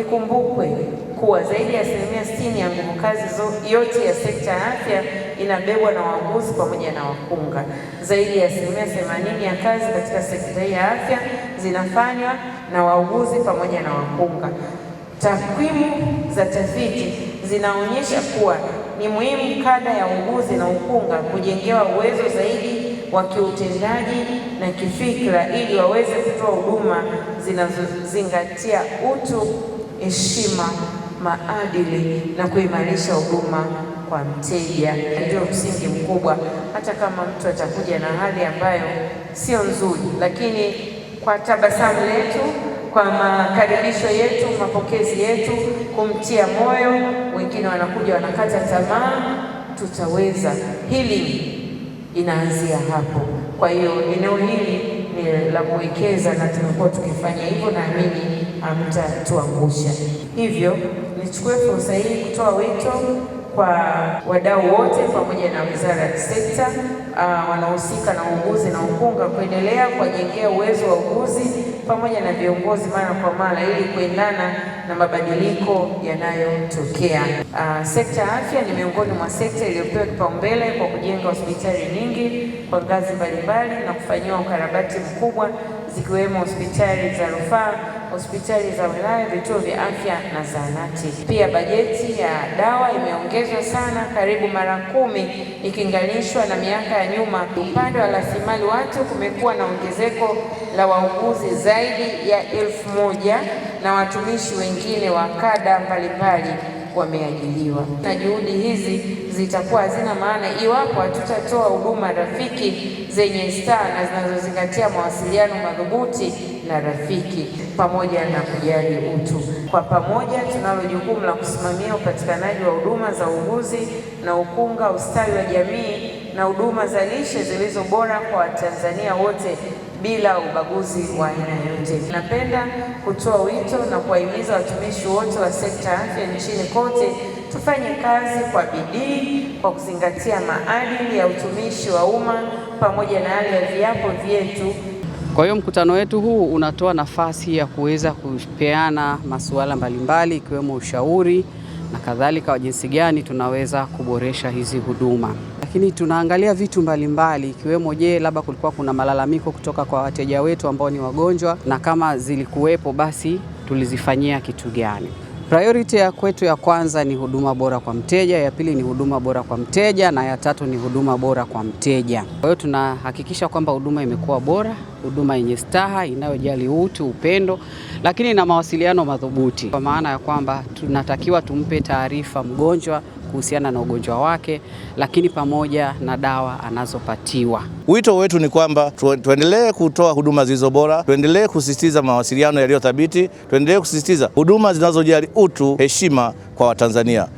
Ikumbukwe kuwa zaidi ya asilimia sitini ya nguvu kazi yote ya sekta ya afya inabebwa na wauguzi pamoja na wakunga. Zaidi ya asilimia themanini ya kazi katika sekta hii ya afya zinafanywa na wauguzi pamoja na wakunga. Takwimu za tafiti zinaonyesha kuwa ni muhimu kada ya uuguzi na ukunga kujengewa uwezo zaidi wa kiutendaji na kifikra ili waweze kutoa huduma zinazozingatia utu, heshima, maadili na kuimarisha huduma kwa mteja. Ndio msingi mkubwa. Hata kama mtu atakuja na hali ambayo sio nzuri, lakini kwa tabasamu letu, kwa makaribisho yetu, mapokezi yetu, kumtia moyo, wengine wanakuja wanakata tamaa, tutaweza hili inaanzia hapo. Kwa hiyo eneo hili ni la kuwekeza na tumekuwa tukifanya hivyo, naamini hamtatuangusha. Hivyo nichukue fursa hii kutoa wito kwa wadau wote pamoja na wizara ya sekta uh, wanaohusika na uuguzi na ukunga kuendelea kuwajengea uwezo wa uuguzi pamoja na viongozi mara kwa mara ili kuendana na mabadiliko yanayotokea. Uh, sekta ya afya ni miongoni mwa sekta iliyopewa kipaumbele kwa kujenga hospitali nyingi kwa ngazi mbalimbali na kufanyiwa ukarabati mkubwa zikiwemo hospitali za rufaa, hospitali za wilaya, vituo vya afya na zahanati. Pia bajeti ya dawa imeongezwa sana, karibu mara kumi ikilinganishwa na miaka ya nyuma. Upande wa rasilimali watu, kumekuwa na ongezeko la wauguzi zaidi ya elfu moja na watumishi wengine wa kada mbalimbali wameajiliwa, na juhudi hizi zitakuwa hazina maana iwapo hatutatoa huduma rafiki zenye staa na zinazozingatia mawasiliano madhubuti na rafiki pamoja na kujali utu. Kwa pamoja, tunalo jukumu la kusimamia upatikanaji wa huduma za uuguzi na ukunga ustawi wa jamii na huduma za lishe zilizo bora kwa Watanzania wote bila ubaguzi wa aina yoyote. Napenda kutoa wito na kuwahimiza watumishi wote wa sekta ya afya nchini kote tufanye kazi kwa bidii kwa kuzingatia maadili ya utumishi wa umma pamoja na yale ya viapo vyetu. Kwa hiyo mkutano wetu huu unatoa nafasi ya kuweza kupeana masuala mbalimbali ikiwemo ushauri na kadhalika wa jinsi gani tunaweza kuboresha hizi huduma lakini tunaangalia vitu mbalimbali ikiwemo mbali. Je, labda kulikuwa kuna malalamiko kutoka kwa wateja wetu ambao ni wagonjwa, na kama zilikuwepo basi tulizifanyia kitu gani? Priority ya kwetu ya kwanza ni huduma bora kwa mteja, ya pili ni huduma bora kwa mteja, na ya tatu ni huduma bora kwa mteja. Kwa hiyo tunahakikisha kwamba huduma imekuwa bora huduma yenye staha inayojali utu, upendo, lakini na mawasiliano madhubuti, kwa maana ya kwamba tunatakiwa tumpe taarifa mgonjwa kuhusiana na ugonjwa wake, lakini pamoja na dawa anazopatiwa. Wito wetu ni kwamba tuendelee kutoa huduma zilizo bora, tuendelee kusisitiza mawasiliano yaliyothabiti, tuendelee kusisitiza huduma zinazojali utu, heshima kwa Watanzania.